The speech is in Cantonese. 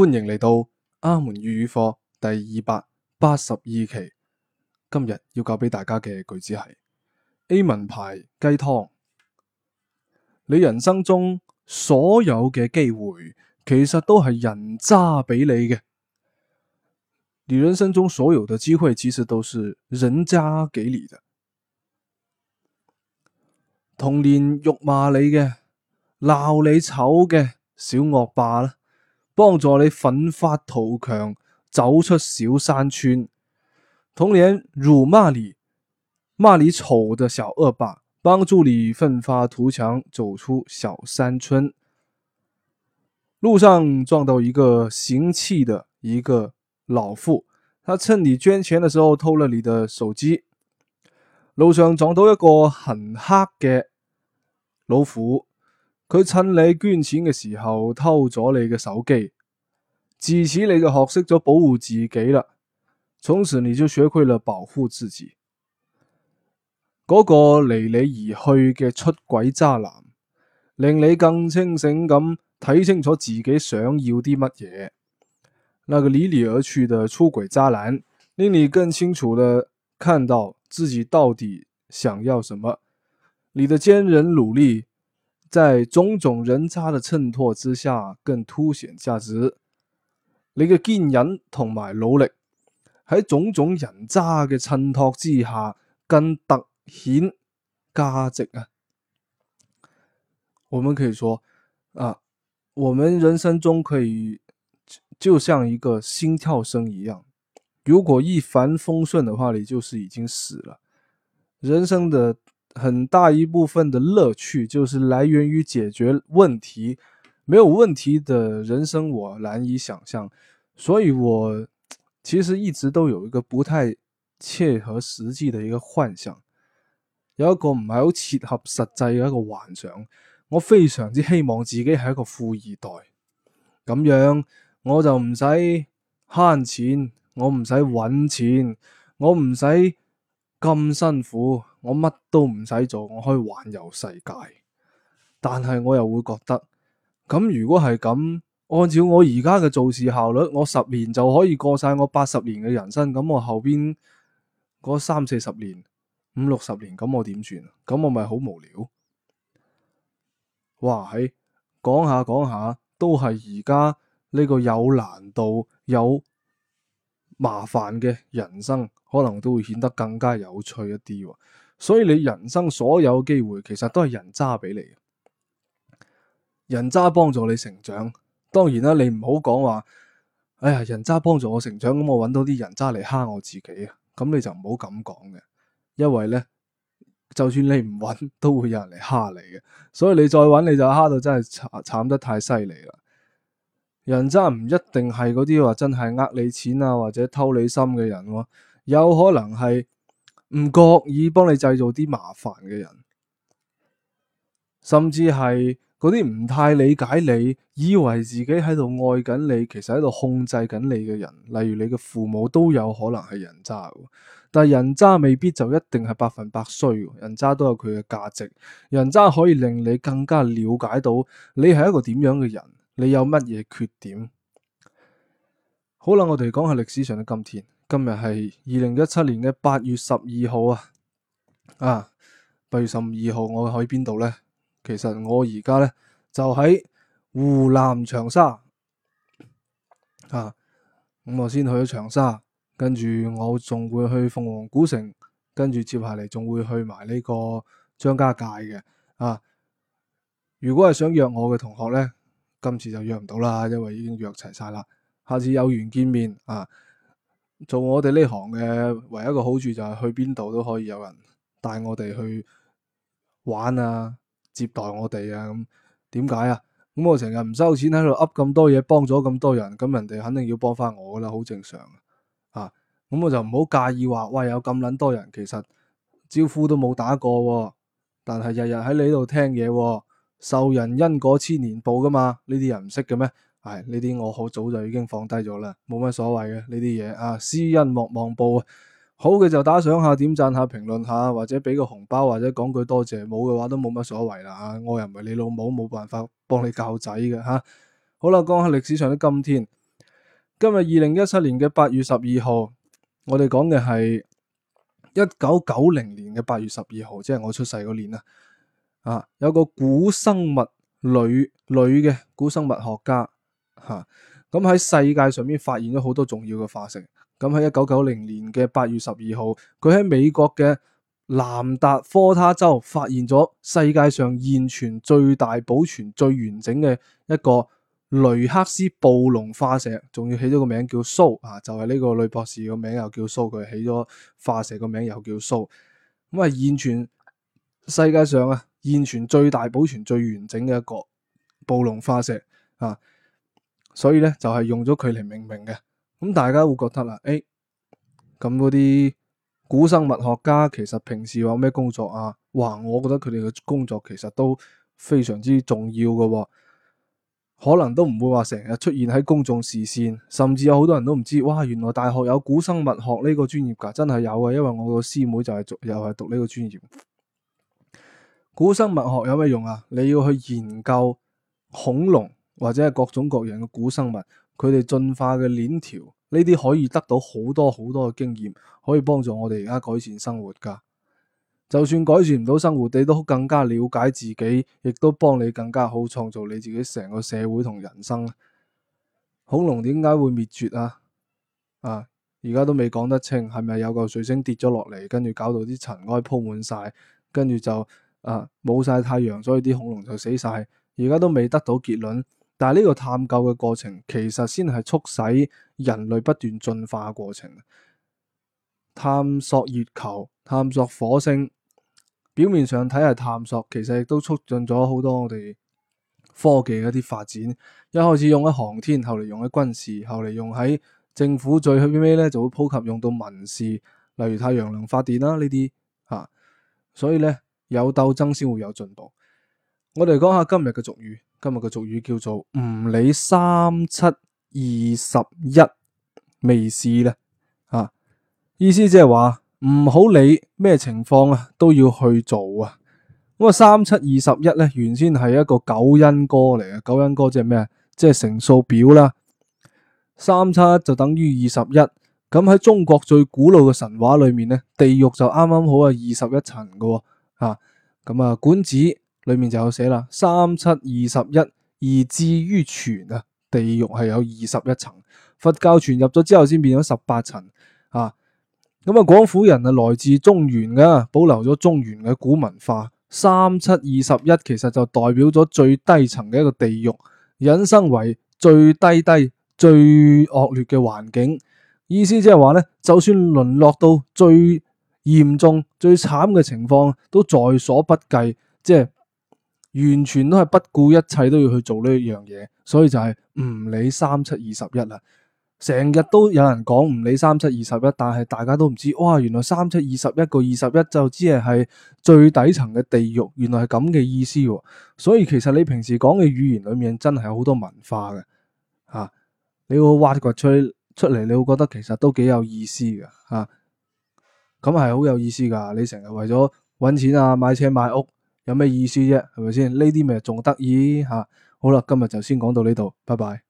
歡迎嚟到阿門粵語課第二百八十二期。今日要教俾大家嘅句子係：Amen 牌雞湯。你人生中所有嘅機會，其實都係人渣俾你嘅。你人生中所有的機會，其實都是人渣給你的。你的年童年辱罵你嘅、鬧你醜嘅小惡霸啦。幫助你奮發圖強，走出小山村。童年辱，辱罵你，罵你醜嘅小惡霸，幫助你奮發圖強，走出小山村。路上撞到一個行乞嘅一個老婦，佢趁你捐錢嘅時候偷了你的手機。路上撞到一個很黑嘅老婦，佢趁你捐錢嘅時候偷咗你嘅手機。自此你就學識咗保護自己啦，從此你就學會了保護自己。嗰個離你而去嘅出軌渣男，令你更清醒咁睇清楚自己想要啲乜嘢。那個離你而去嘅出軌渣男，令你更清楚的看到自己到底想要什麼。你的堅韌努力，在種種人渣的襯托之下，更凸顯價值。你嘅堅忍同埋努力，喺種種人渣嘅襯托之下，更凸顯價值啊！我們可以說啊，我們人生中可以就像一個心跳聲一樣，如果一帆風順嘅話，你就是已經死了。人生的很大一部分的樂趣，就是來源於解決問題。沒有問題的人生，我難以想象，所以我其實一直都有一個不太切合實際的一個幻想，有一個唔係好切合實際嘅一個幻想。我非常之希望自己係一個富二代，咁樣我就唔使慳錢，我唔使揾錢，我唔使咁辛苦，我乜都唔使做，我可以環遊世界。但係我又會覺得。咁如果係咁，按照我而家嘅做事效率，我十年就可以過晒我八十年嘅人生。咁我後邊嗰三四十年、五六十年，咁我點算，啊？咁我咪好無聊？哇！喺講下講下，都係而家呢個有難度、有麻煩嘅人生，可能都會顯得更加有趣一啲。所以你人生所有機會，其實都係人渣俾你。人渣幫助你成長，當然啦，你唔好講話，哎呀，人渣幫助我成長，咁我揾到啲人渣嚟蝦我自己啊，咁你就唔好咁講嘅，因為呢，就算你唔揾，都會有人嚟蝦你嘅，所以你再揾你就蝦到真係慘,慘得太犀利啦。人渣唔一定係嗰啲話真係呃你錢啊或者偷你心嘅人喎，哦，有可能係唔覺意幫你製造啲麻煩嘅人，甚至係。嗰啲唔太理解你，以為自己喺度愛緊你，其實喺度控制緊你嘅人，例如你嘅父母都有可能係人渣，但係人渣未必就一定係百分百衰，人渣都有佢嘅價值，人渣可以令你更加了解到你係一個點樣嘅人，你有乜嘢缺點。好啦，我哋講下歷史上嘅今天，今日係二零一七年嘅八月十二號啊，啊，八月十二號我去邊度呢？其實我而家咧就喺湖南長沙啊，咁我先去咗長沙，跟住我仲會去鳳凰古城，跟住接下嚟仲會去埋呢個張家界嘅啊。如果係想約我嘅同學咧，今次就約唔到啦，因為已經約齊晒啦。下次有緣見面啊！做我哋呢行嘅唯一一個好處就係去邊度都可以有人帶我哋去玩啊！接待我哋啊，咁點解啊？咁我成日唔收錢喺度噏咁多嘢，幫咗咁多人，咁人哋肯定要幫翻我啦，好正常啊。咁、啊、我就唔好介意話，喂，有咁捻多人，其實招呼都冇打過、啊，但係日日喺你度聽嘢、啊，受人因果千年報噶嘛？呢啲人唔識嘅咩？係呢啲我好早就已經放低咗啦，冇乜所謂嘅呢啲嘢啊，施恩莫望報、啊。好嘅就打賞下、點讚下、評論下，或者俾個紅包，或者講句多謝。冇嘅話都冇乜所謂啦、啊。我又唔係你老母，冇辦法幫你教仔嘅吓、啊。好啦，講下歷史上嘅今天。今日二零一七年嘅八月十二號，我哋講嘅係一九九零年嘅八月十二號，即係我出世嗰年啊。啊，有個古生物女女嘅古生物學家吓，咁、啊、喺、啊、世界上面發現咗好多重要嘅化石。咁喺一九九零年嘅八月十二號，佢喺美國嘅南達科他州發現咗世界上現存最大、保存最完整嘅一個雷克斯暴龍化石，仲要起咗個名叫蘇啊，就係呢個女博士個名又叫蘇，佢起咗化石個名又叫蘇，咁係現存世界上啊現存最大、保存最完整嘅一個暴龍化石啊，所以咧，就係用咗佢嚟命名嘅。咁大家會覺得啦，誒、哎，咁嗰啲古生物學家其實平時有咩工作啊？哇，我覺得佢哋嘅工作其實都非常之重要嘅，哦，可能都唔會話成日出現喺公眾視線，甚至有好多人都唔知，哇，原來大學有古生物學呢個專業噶，真係有啊，因為我個師妹就係、是、讀又係讀呢個專業。古生物學有咩用啊？你要去研究恐龍或者係各種各樣嘅古生物。佢哋進化嘅鏈條，呢啲，可以得到好多好多嘅經驗，可以幫助我哋而家改善生活噶。就算改善唔到生活，你都更加了解自己，亦都幫你更加好創造你自己成個社會同人生。恐龍點解會滅絕啊？啊，而家都未講得清，係咪有個水星跌咗落嚟，跟住搞到啲塵埃鋪滿晒，跟住就啊冇晒太陽，所以啲恐龍就死晒。而家都未得到結論。但係呢個探究嘅過程，其實先係促使人類不斷進化嘅過程。探索月球、探索火星，表面上睇係探索，其實亦都促進咗好多我哋科技嘅一啲發展。一開始用喺航天，後嚟用喺軍事，後嚟用喺政府，最後尾咧就會普及用到民事，例如太陽能發電啦呢啲吓。所以咧，有鬥爭先會有進步。我哋講下今日嘅俗語。今日嘅俗語叫做唔理三七二十一，咩意思咧？啊，意思即係話唔好理咩情況啊，都要去做啊。咁啊，三七二十一咧，原先係一個九因歌嚟嘅。九因歌即係咩啊？即係乘數表啦。三七就等於二十一。咁喺中國最古老嘅神話裏面咧，地獄就啱啱好係二十一層嘅、啊。吓、啊，咁啊，管子。裏面就有寫啦，三七二十一，而至於全啊，地獄係有二十一層，佛教傳入咗之後先變咗十八層啊。咁啊，廣府人啊來自中原噶，保留咗中原嘅古文化，三七二十一其實就代表咗最低層嘅一個地獄，引申為最低低、最惡劣嘅環境。意思即係話咧，就算淪落到最嚴重、最慘嘅情況，都在所不計，即係。完全都係不顧一切都要去做呢一樣嘢，所以就係唔理三七二十一啦。成日都有人講唔理三七二十一，但係大家都唔知，哇，原來三七二十一個二十一就只係係最底層嘅地獄，原來係咁嘅意思。所以其實你平時講嘅語言裏面真係好多文化嘅，吓、啊，你會挖掘出出嚟，你會覺得其實都幾有意思噶，吓、啊，咁係好有意思噶。你成日為咗揾錢啊，買車買屋。有咩意思啫？係咪先？呢啲咪仲得意吓？好啦，今日就先講到呢度，拜拜。